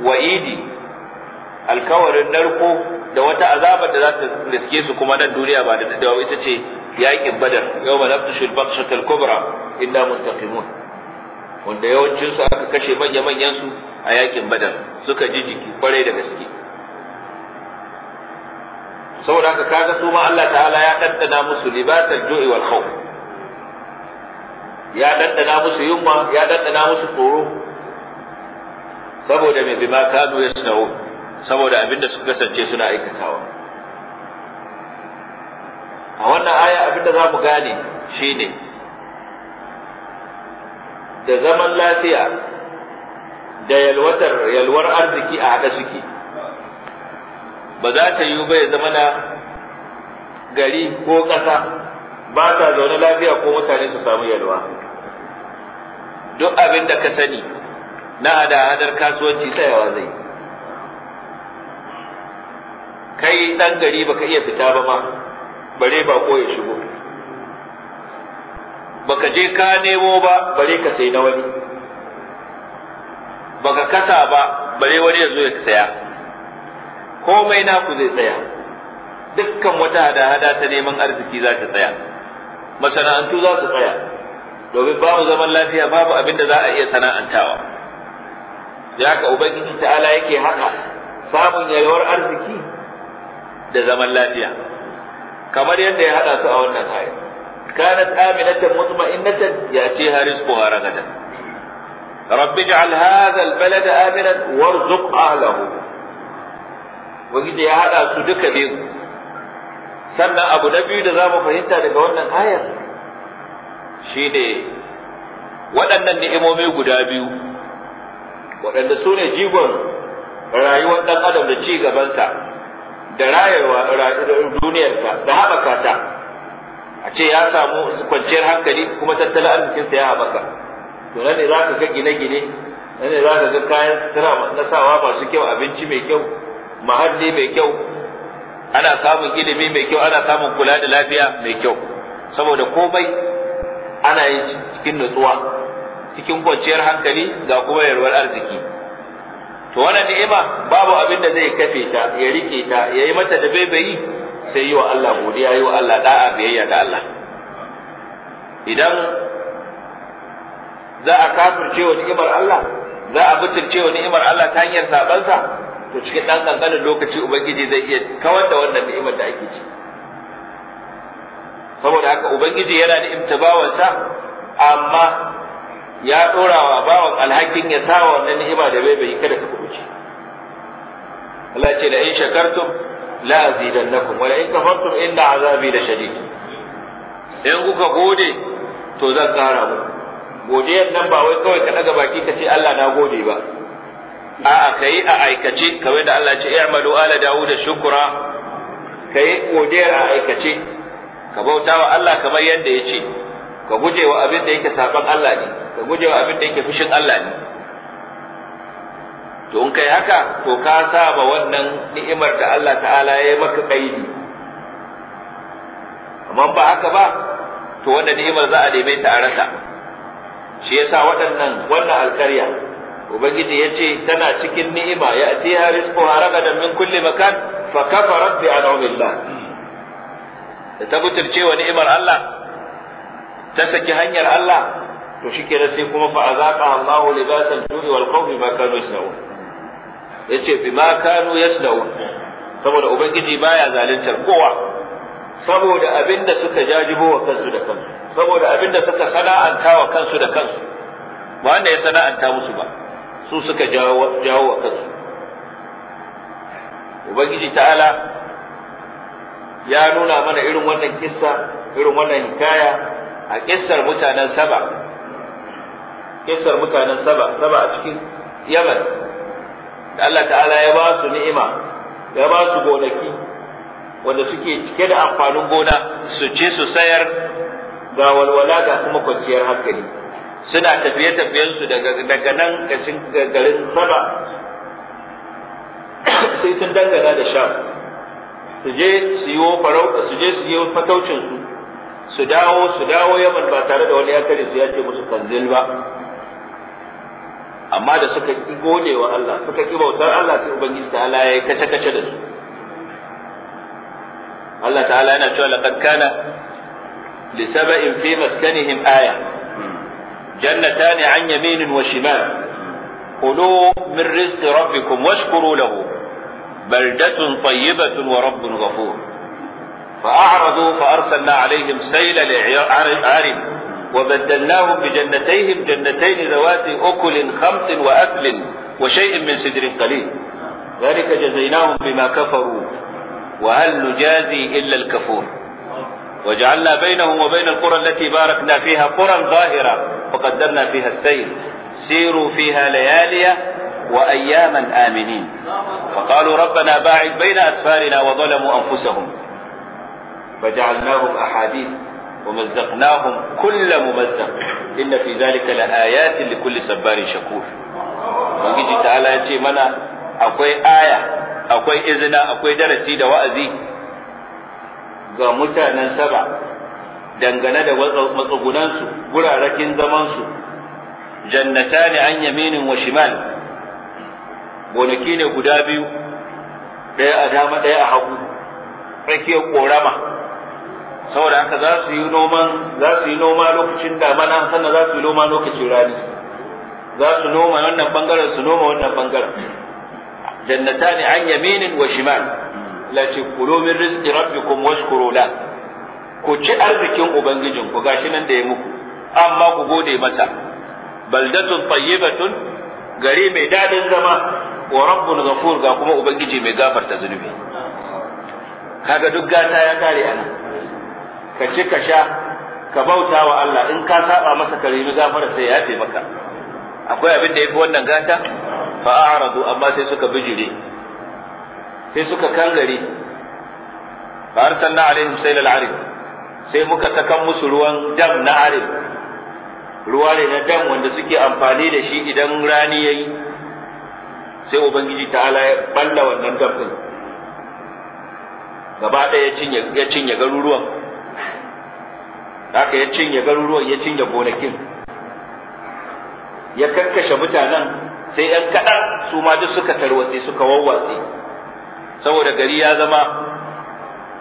S1: wa'idi alkawarin narko da wata azaba da za ta riske su kuma nan duniya ba da dawo ita ce yaƙin badar yau ma nafsu baqshatul kubra illa muntaqimun wanda yawancin su aka kashe manya manyan su a yakin badar suka ji jiki kwarai da gaske saboda haka kaga su ma Allah ta'ala ya ɗanɗana musu libatar ju'i wal khawf ya ɗanɗana musu yunwa ya ɗanɗana musu tsoro saboda mai bima kanu yasna'u saboda abinda suka kasance suna aikatawa a wannan aya abinda za mu gane shine da zaman lafiya da yalwatar yalwar arziki a haɗa suke ba za ta yiwu ba ya zama na gari ko ƙasa ba ta zaune lafiya ko mutane su samu yalwa duk abin da ka sani na hada-hadar kasuwanci tsayawa zai kai ɗan gari baka iya fita ba ma bare ba ko ya shigo baka je ka nemo ba bare ka sai na wani baka kasa ba bare wani ya zo ya tsaya komai naku zai tsaya dukkan wata hada-hada ta neman arziki za ta tsaya masana'antu za su tsaya domin babu zaman lafiya babu abin da za a iya sana'antawa ya ka ubangiji ta'ala yake haka samun yalwar arziki da zaman lafiya kamar yadda ya hada su a wannan ayat kanat aminatan mutma'innatan ya ce harisku haragadan رب اجعل هذا البلد آمنا وارزق أهله وجد يا هذا سدك بيض سنة أبو نبي لغام فهمت لقوانا الآية شيني waɗannan ni'imomi guda biyu waɗanda su jigon rayuwar ɗan adam da ci gabansa da rayuwa duniyarsa da haɓaka ta a ce ya samu kwanciyar hankali kuma tattalin arzikinsa ya haɓaka to nan za ka ga gine-gine nan za ka ga kayan suna na masu kyau abinci mai kyau mahalli mai kyau ana samun ilimi mai kyau ana samun kula da lafiya mai kyau saboda komai ana yin cikin nutsuwa cikin kwanciyar hankali ga kuma yarwar arziki to wannan ni'ima babu abin da zai kafe ta ya rike ta ya yi mata da baibayi sai yi wa Allah godiya yi wa Allah da'a biyayya da Allah idan za a kafirce wa ni'imar Allah za a butulce wa ni'imar Allah ta hanyar sabansa to cikin dan kankanin lokaci ubangiji zai iya kawar da wannan ni'imar da ake ci saboda haka ubangiji yana da imtibawansa amma ya dora wa bawan alhakin ya sa wannan ni'ima da bai bai kada ka kubuce Allah ce da in shakartum la azidannakum wa in kafartum inna azabi la shadid in kuka gode to zan kara muku godiyar nan ba wai kawai ka daga baki ka ce Allah na gode ba a'a kai a aikace kawai da Allah ya ce i'malu ala dauda Shukura. kai godiyar a aikace ka bauta wa Allah kamar yadda ya ce ka guje wa abin da yake saban Allah ne ka guje wa abin da yake fushin Allah ne to in kai haka to ka saba wannan ni'imar da Allah ta'ala ya yi maka kaidi amma ba haka ba to wannan ni'imar za a neme ta a rasa shi yasa waɗannan wannan alkarya ubangiji yace tana cikin ni'ima ya atiha rizquha ragadan min kulli makan fa kafara bi an'amillah da ta butulce wa ni'imar Allah ta saki hanyar Allah to shike da sai kuma fa azaqa Allahu libasal ju'i wal khawfi ma kanu yasnaun yace bima kanu yasnaun saboda ubangiji baya zaluntar kowa saboda abin da suka jajibo wa kansu da kansu saboda abin da suka sana'anta wa kansu da kansu ba wanda ya sana'anta musu ba su suka jawo wa kansu ubangiji ta'ala ya nuna mana irin wannan kissa irin wannan hikaya a kissar mutanen saba kissar mutanen saba saba a cikin yaman da Allah ta'ala ya ba su ni'ima ya ba su gonaki wanda suke cike da amfanin gona su ce su sayar ga walwala ga kuma kwanciyar hankali suna tafiye tafiyen su daga daga nan garin Saba sai sun dangana da sha su je su yi farau, su je su yi fataucin su su dawo su dawo Yaman ba tare da wani ya kare su ya ce musu kanzil ba amma da suka ki gode wa Allah suka ki bautar Allah sai ubangiji ta Allah ya kace kace da su Allah ta'ala yana cewa laqad kana li saba'in fi maskanihim aya jannatani an yaminin wa shimal kulu min rizqi rabbikum washkuru lahu baldatun tayyibatun wa rabbun ghafur فأعرضوا فأرسلنا عليهم سيل العارم وبدلناهم بجنتيهم جنتين ذوات أكل خمط وأكل وشيء من سدر قليل ذلك جزيناهم بما كفروا وهل نجازي إلا الكفور وجعلنا بينهم وبين القرى التي باركنا فيها قرى ظاهرة وقدرنا فيها السير سيروا فيها ليالي وأياما آمنين فقالوا ربنا باعد بين أسفارنا وظلموا أنفسهم فجعلناهم أحاديث ومزقناهم كل ممزق إن في ذلك لآيات لكل سبار شكور
S3: ubangiji تعالى
S1: يتي منا أقوي آية akwai izina akwai darasi da wa'azi ga mutanen saba dangane da matsugunansu gurarakin zamansu jannata ne an yaminin wa shimal gonaki ne guda biyu ɗaya a dama ɗaya a hagu tsakiyar ƙorama saboda haka za su yi noman za su yi noma lokacin damana sannan za su yi noma lokacin rani za su noma wannan bangaren su noma wannan bangaren jannatani an yaminin wa shimal la ce kulo min rizqi rabbikum washkuru la ku ci arzikin ubangijin ku gashi nan da ya muku amma ku gode masa baldatun tayyibatun gari mai daɗin zama wa rabbun ghafur ga kuma ubangiji mai gafarta zunubi kaga duk gata ya kare anan ka ci ka sha ka bauta wa Allah in ka saba masa ka rinu gafara sai ya akwai abin da fi wannan gata fa a'radu amma sai suka bijire sai suka kangare fa arsalna alaihim saylal arid sai muka takan musu ruwan dam na arid ruwa ne na dam wanda suke amfani da shi idan rani yayi sai ubangiji ta'ala ya balla wannan dam din gaba ɗaya ya cinye garuruwan haka ya cinye garuruwan ya cinye gonakin ya karkashe mutanen sai ‘yan kaɗan su ma duk suka tarwatse suka wawwatse saboda gari ya zama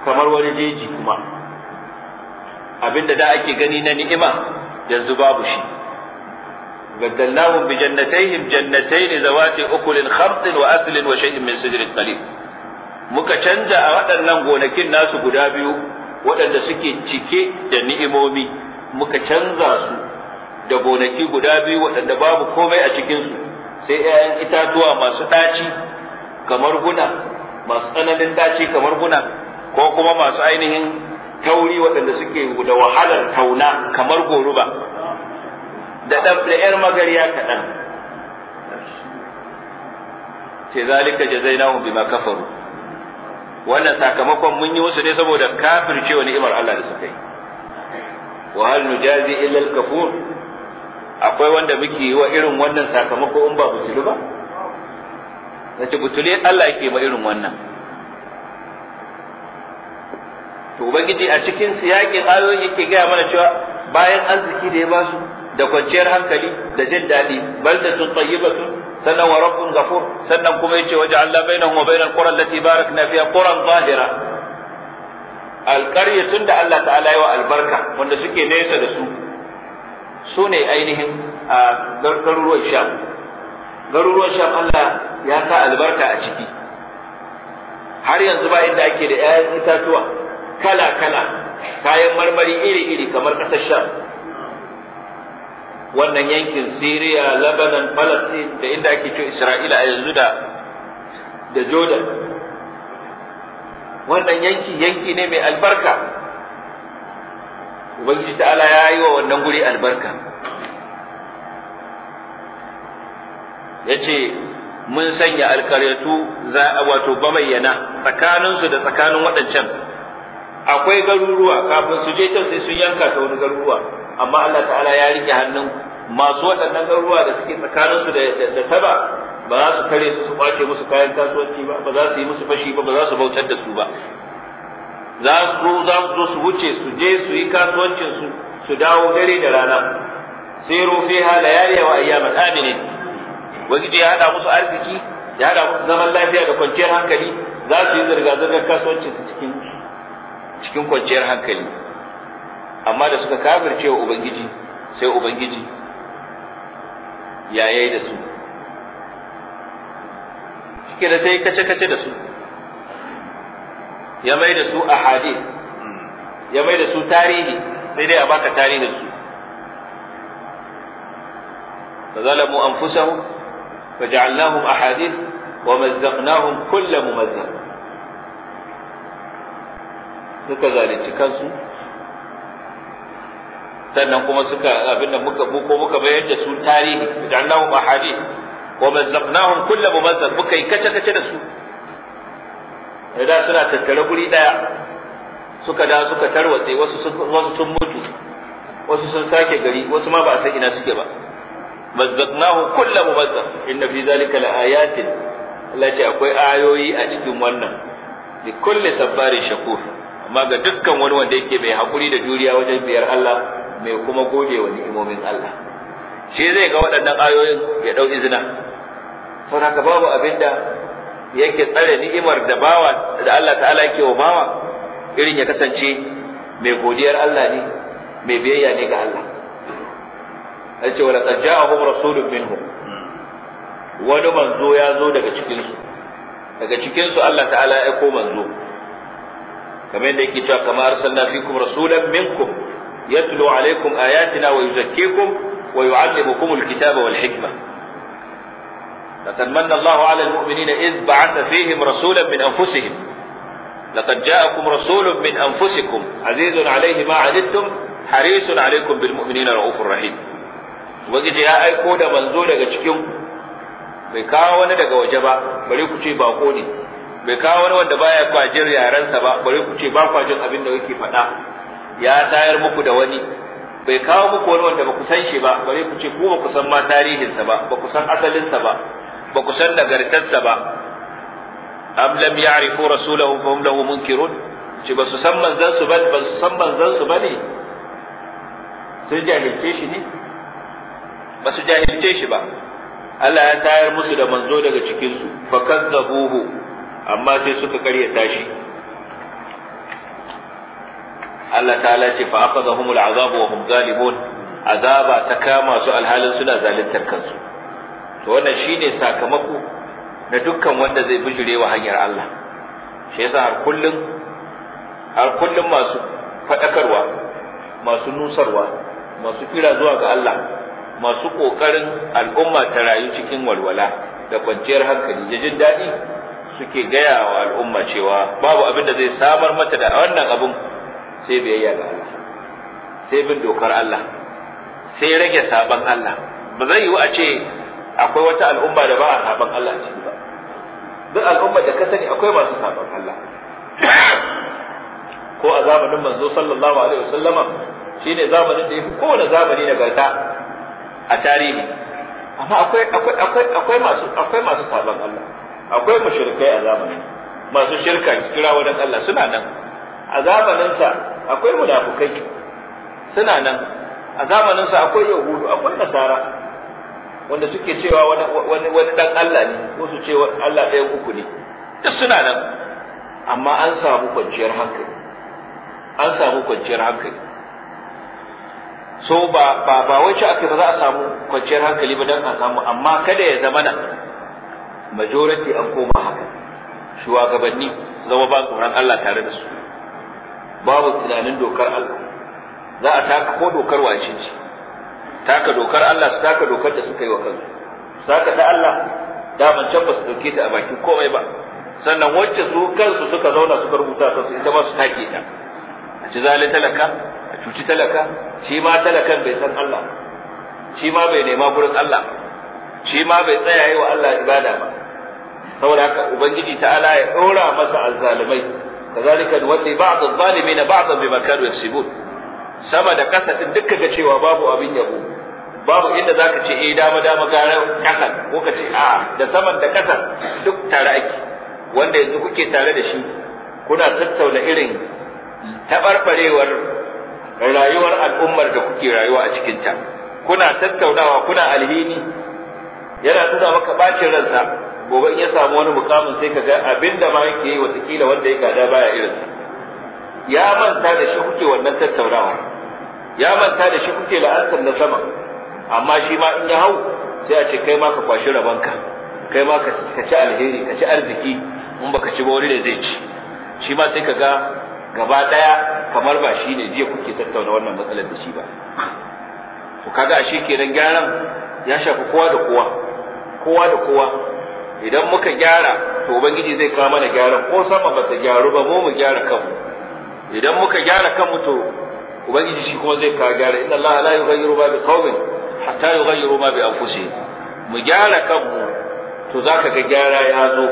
S1: kamar wani jeji kuma abinda da ake gani na ni'ima yanzu babu shi baddallahum bi jannatayhim jannatayn zawati ukulin khamtin wa aslin wa shay'in min sidrin qalil muka canja a waɗannan gonakin nasu guda biyu waɗanda suke cike da ni'imomi muka canza su da gonaki guda biyu waɗanda babu komai a cikinsu sai 'ya'yan itatuwa masu ɗaci kamar guna masu tsananin ɗaci kamar guna ko kuma masu ainihin tauri waɗanda suke da wahalar tauna kamar goruba da ɗan da 'yar magariya kaɗan sai zalika jazainahum bima kafaru wannan sakamakon mun yi musu ne saboda kafircewa ni'imar Allah da suka yi wa hal nujazi illa kafur akwai wanda muke yi wa irin wannan sakamako in ba butulu ba nace butule Allah yake ma irin wannan to ubangiji a cikin siyakin ayoyi yake gaya mana cewa bayan arziki da ya su da kwanciyar hankali da jin daɗi baldatun tayyibatun sannan wa rabbun ghafur sannan kuma yace waje Allah bainahum wa bainal qura allati barakna fiha quran zahira tun da Allah ta'ala yi wa albarka wanda suke nesa da su su ne ainihin a garuruwan sham garuruwan sham Allah ya sa albarka a ciki har yanzu ba inda ake da 'ya'yan itatuwa kala kala kayan marmari iri iri kamar ƙasar sham wannan yankin Syria, Lebanon, Palestine da inda ake cewa Isra'ila a yanzu da da Jordan. Wannan yanki yanki ne mai albarka ubangiji ta'ala ya yi wa wannan guri albarka ya ce mun sanya alkaryatu za a wato bamayyana tsakaninsu da tsakanin waɗancan akwai garuruwa kafin su je can sai sun yanka ta wani garuruwa amma Allah ta'ala ya rike hannun masu waɗannan garuruwa da suke tsakaninsu da taba ba za su kare su su ƙwace musu kayan kasuwanci ba ba za su yi musu fashi ba ba za su bautar da su ba za su za su zo su wuce su je su yi kasuwancin su su dawo dare da rana Sai ha fiha yari wa ayyaman amine. wajidi ya hada musu arziki ya hada musu zaman lafiya da kwanciyar hankali za su yi zirga zirgar kasuwancin su cikin cikin kwanciyar hankali amma da suka kafirce wa ubangiji sai ubangiji yayayi da su shike da sai kace kace da su ya mai da su ahadith ya mai da su tarihi sai dai a baka tarihin su فظلموا أنفسهم فجعلناهم أحاديث ومزقناهم كل ممزق suka zalunci kansu sannan kuma suka abin da muka buko muka bayar da su tarihi ja'alnahum ahadith wa mazzaqnahum kullu mumazzaq muka yi kace kace da su da suna tattare guri daya suka da suka tarwatse wasu wasu sun mutu wasu sun sake gari wasu ma ba san ina suke ba mazzaqnahu kullu mubazzaq inna fi zalika laayatin Allah ce akwai ayoyi a cikin wannan li kulli sabbarin shakur amma ga dukkan wani wanda yake mai hakuri da juriya wajen biyar Allah mai kuma gode wa ni'imomin Allah shi zai ga waɗannan ayoyin ya dau izina saboda babu abinda yake tsare ni'imar da bawa da Allah ta'ala yake wa bawa irin ya kasance mai godiyar Allah ne mai biyayya ne ga Allah yace wala qad ja'ahum rasulun minhum wani manzo ya zo daga cikin su daga cikin su Allah ta'ala ya ko manzo kamar da yake cewa kamar arsalna fikum rasulan minkum yatlu alaykum ayatina wa yuzakkikum wa yu'allimukum alkitaba wal hikma لقد من الله على المؤمنين إذ بعث فيهم رسولا من أنفسهم لقد جاءكم رسول من أنفسكم عزيز عليه ما عنتم حريص عليكم بالمؤمنين رؤوف رحيم وقد ya aiko da manzo daga bai kawo wani daga waje ba bari ku ce bako ne bai kawo wani wanda baya kwajin yarensa ba bari ku ce ba kwajin abin da yake faɗa ya tayar muku da wani bai kawo muku wani wanda ba ku san shi ba bari ku ce ku ba ku san ma tarihinsa ba ba ku san asalinsa ba ba ku san nagartarsa ba am lam ya'rifu rasulahu fa hum lahu munkirun ci ba su san manzon su ba ba su san manzon su bane sun jahilce shi ne ba su jahilce shi ba Allah ya tayar musu da manzo daga cikin su fa kazzabuhu amma sai suka karyata shi Allah ta'ala ce fa aqadahumul azabu wa hum zalimun azaba ta kama su alhalin suna zaluntar kansu to wannan shine sakamako na dukkan wanda zai bijire wa hanyar Allah shi yasa har kullum har kullum masu fadakarwa masu nusarwa masu kira zuwa ga Allah masu kokarin al'umma ta rayu cikin walwala da kwanciyar hankali da jin daɗi suke gaya wa al'umma cewa babu abin da zai samar mata da wannan abin sai biyayya ga Allah sai bin dokar Allah sai rage saban Allah ba zai yi a ce akwai wata al'umma da ba a saban Allah ce ba duk al'umma da ka sani akwai masu saban Allah ko a zamanin manzo sallallahu alaihi wasallama shine zamanin da yafi kowane zamani garta a tarihi amma akwai akwai akwai akwai masu akwai masu saban Allah akwai mushrikai a zamanin masu shirka kira wadan Allah suna nan a sa akwai munafukai suna nan a sa akwai yahudu akwai nasara wanda suke cewa wani wani dan Allah ne ko su ce Allah ɗayan uku ne duk suna nan amma an samu kwanciyar hankali an samu kwanciyar hankali so ba ba ba wace ake ba za a samu kwanciyar hankali ba dan a samu amma kada ya zama na majority an koma haka shugabanni zama ba tsoron Allah tare da su babu tunanin dokar Allah za a taka ko dokar wacce taka dokar Allah su taka dokar da suka yi wa kansu saka da Allah daman can ba su dauke ta a bakin komai ba sannan wacce su kansu suka zauna suka rubuta ta su ita ba su take ta a ci zali talaka a cuci talaka shi ma talakan bai san Allah shi ma bai nema gurin Allah shi ma bai tsaya yi wa Allah ibada ba saboda haka ubangiji ta'ala ya ɗora masa azzalimai kazalika nuwalli ba'd adh-dhalimina ba'dan bi kanu yaksibun sama da kasa din duk cewa babu abin yabo babu inda za ka ce eh dama dama gara kasan ko ka ce a da saman da kasan duk tare ake wanda yanzu kuke tare da shi kuna tattauna irin tabarbarewar rayuwar al'ummar da kuke rayuwa a cikinta kuna tattaunawa kuna alhini yana tuna maka bacin ransa gobe in ya samu wani mukamin sai ka ga abinda ma yake yi watakila wanda ya gada baya irinsa ya manta da shi kuke wannan tattaunawa ya manta da shi kuke la'antar na sama amma shi ma in ya hau sai a ce kai ma ka kwashi rabanka kai ma ka ci alheri ka ci arziki in baka ci ba wani da zai ci shi ma sai ka ga gaba daya kamar ba shi ne jiya kuke tattauna wannan matsalar da shi ba to kaga ashe kenan gyaran ya shafi kowa da kowa kowa da kowa idan muka gyara to ubangiji zai kawo mana gyaran ko sama ba ta gyaru ba mu mu gyara kanmu idan muka gyara kanmu to ubangiji shi kuma zai kawo gyara inna allaha la yughayyiru ma biqaumin hatta yughayyiru ma bi anfusihim mu gyara kanmu to zaka ga gyara ya zo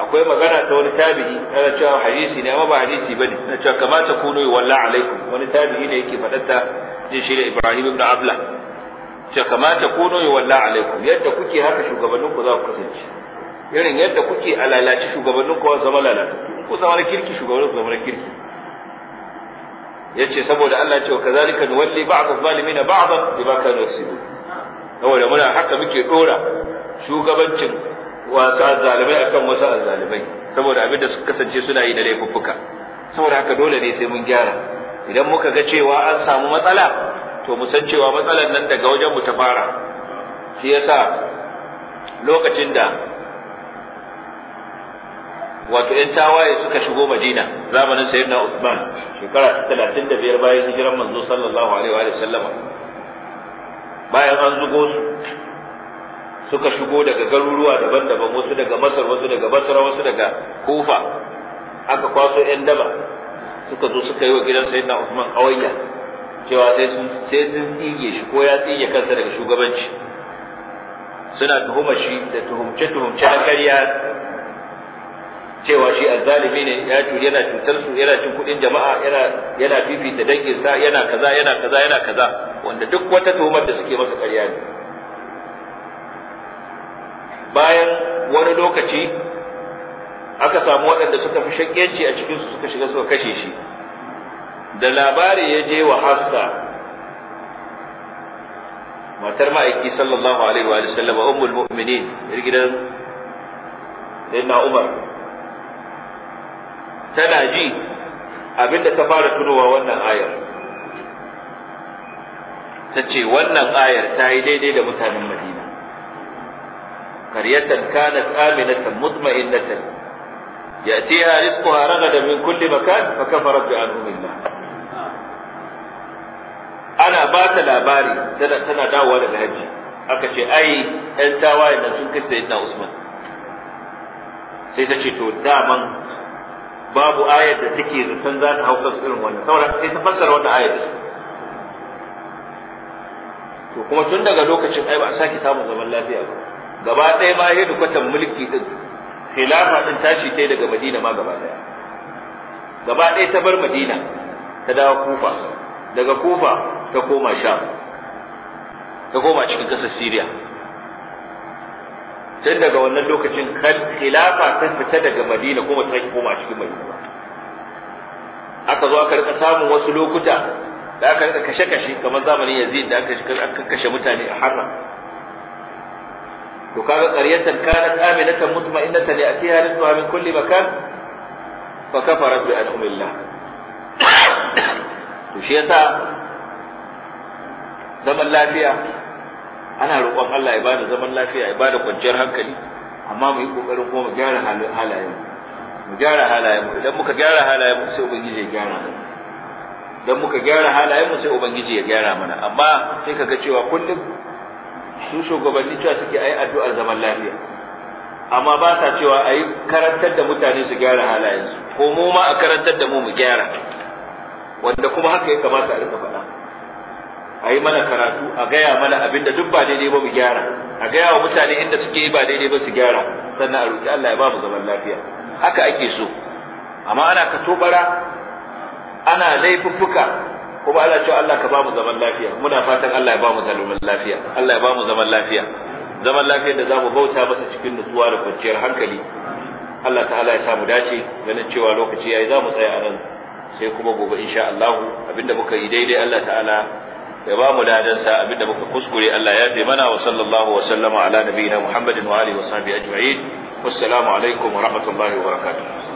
S1: akwai magana ta wani tabi'i ana cewa hadisi ne amma ba hadisi bane ana cewa kamata kunu walla alaikum wani tabi'i ne yake faɗar ta jin shi da Ibrahim ibn Abla cewa kamata kunu walla alaikum yadda kuke haka shugabannin ku za ku kasance irin yadda kuke alalaci shugabannin ku zama lalatattu ku zama kirki shugabannin ku zama kirki yace saboda Allah ya ce kazalika nuwalli ba'd zalimin ba'dan bima kanu yasibu saboda muna haka muke dora shugabancin wasa zalimai akan wasu zalimai saboda abinda suka kasance suna yi na laifuffuka saboda haka dole ne sai mun gyara idan muka ga cewa an samu matsala to mu san cewa matsalar nan daga wajen mu ta fara shi yasa lokacin da wato ‘yan tawaye suka shigo Madina zamanin sayyidina Uthman shekara talatin da biyar bayan hijiran manzo sallallahu alaihi wa sallama bayan an zugo su suka shigo daga garuruwa daban-daban wasu daga Masar wasu daga Basra wasu daga Kufa aka kwaso ƴan daba suka zo suka yi wa gidan sayyidina Uthman awayya cewa sai sun sai sun tsige shi ko ya tsige kansa daga shugabanci suna tuhumar shi da tuhumce-tuhumce na karya cewa shi azzalimi ne ya turi yana cutar su yana cin kuɗin jama'a yana yana fifita dangin sa yana kaza yana kaza yana kaza wanda duk wata tuhumar da suke masa ƙarya ne bayan wani lokaci aka samu waɗanda suka fi shakkiyanci a cikin su suka shiga suka kashe shi da labari ya je wa Hafsa matar ma'aiki sallallahu alaihi wa sallam ummul mu'minin gidan sayyidina Umar Tana ji abinda ta fara tunowa wannan ayar ta ce wannan ayar ta yi daidai da mutanen madina karyatan kanat aminatan mutma'innatan ya'tiha rizquha ragadan min kulli makan fa kafarat bi anhumillah ana ba ta labari tana dawowa daga Hajji, aka ce ai 'yan tawaye nan sun kai sayyidina usman sai ta ce to daman babu ayar da take zaton za ta hauka irin wannan saboda sai ta fassara wannan ayar da to kuma tun daga lokacin ai ba a sake samun zaman lafiya ba gaba ɗaya ma ya kwatan mulki din khilafa din tashi tai daga Madina ma gaba ɗaya gaba ɗaya ta bar Madina ta dawo Kufa daga Kufa ta koma Sham ta koma cikin ƙasar Syria tun daga wannan lokacin khilafa ta fita daga madina kuma ta koma cikin madina aka zo aka rika samun wasu lokuta da aka rika kashe-kashe kamar zamanin yazid da aka kashe mutane a harra to kaga qaryatan kanat aminatan mutma'innatan ya'tiha rizqaha min kulli makan fa kafarat bi an'amillah to shi yasa zaman lafiya ana roƙon Allah ya bada zaman lafiya ya bada kwanciyar hankali amma mu yi kokarin kuma mu gyara halayen mu gyara halayen mu idan muka gyara halayen mu sai ubangiji ya gyara mu idan muka gyara halayen mu sai ubangiji ya gyara mana amma sai kaga cewa kullum su shugabanni cewa suke ai addu'ar zaman lafiya amma ba sa cewa a yi karantar da mutane su gyara halayen su ko mu ma a karantar da mu mu gyara wanda kuma haka ya kamata a rika ba a yi mana karatu a gaya mana abin da duk ba daidai ba mu gyara a gaya wa mutane inda suke ba daidai ba su gyara sannan a roƙi Allah ya ba mu zaman lafiya haka ake so amma ana katobara ana laifuffuka kuma ana cewa Allah ka ba mu zaman lafiya muna fatan Allah ya ba mu zaman lafiya Allah ya ba mu zaman lafiya zaman lafiyar da za mu bauta masa cikin nutsuwa da kwanciyar hankali Allah ta'ala ya samu dace ganin cewa lokaci yayi za mu tsaya a nan sai kuma gobe insha Allah abinda muka yi daidai Allah ta'ala ya ba mu ladan sa abinda muka kuskure Allah ya fi mana wa sallallahu wa sallama ala nabiyina Muhammadin wa alihi wa sahbihi ajma'in wassalamu alaikum wa rahmatullahi
S3: wa barakatuh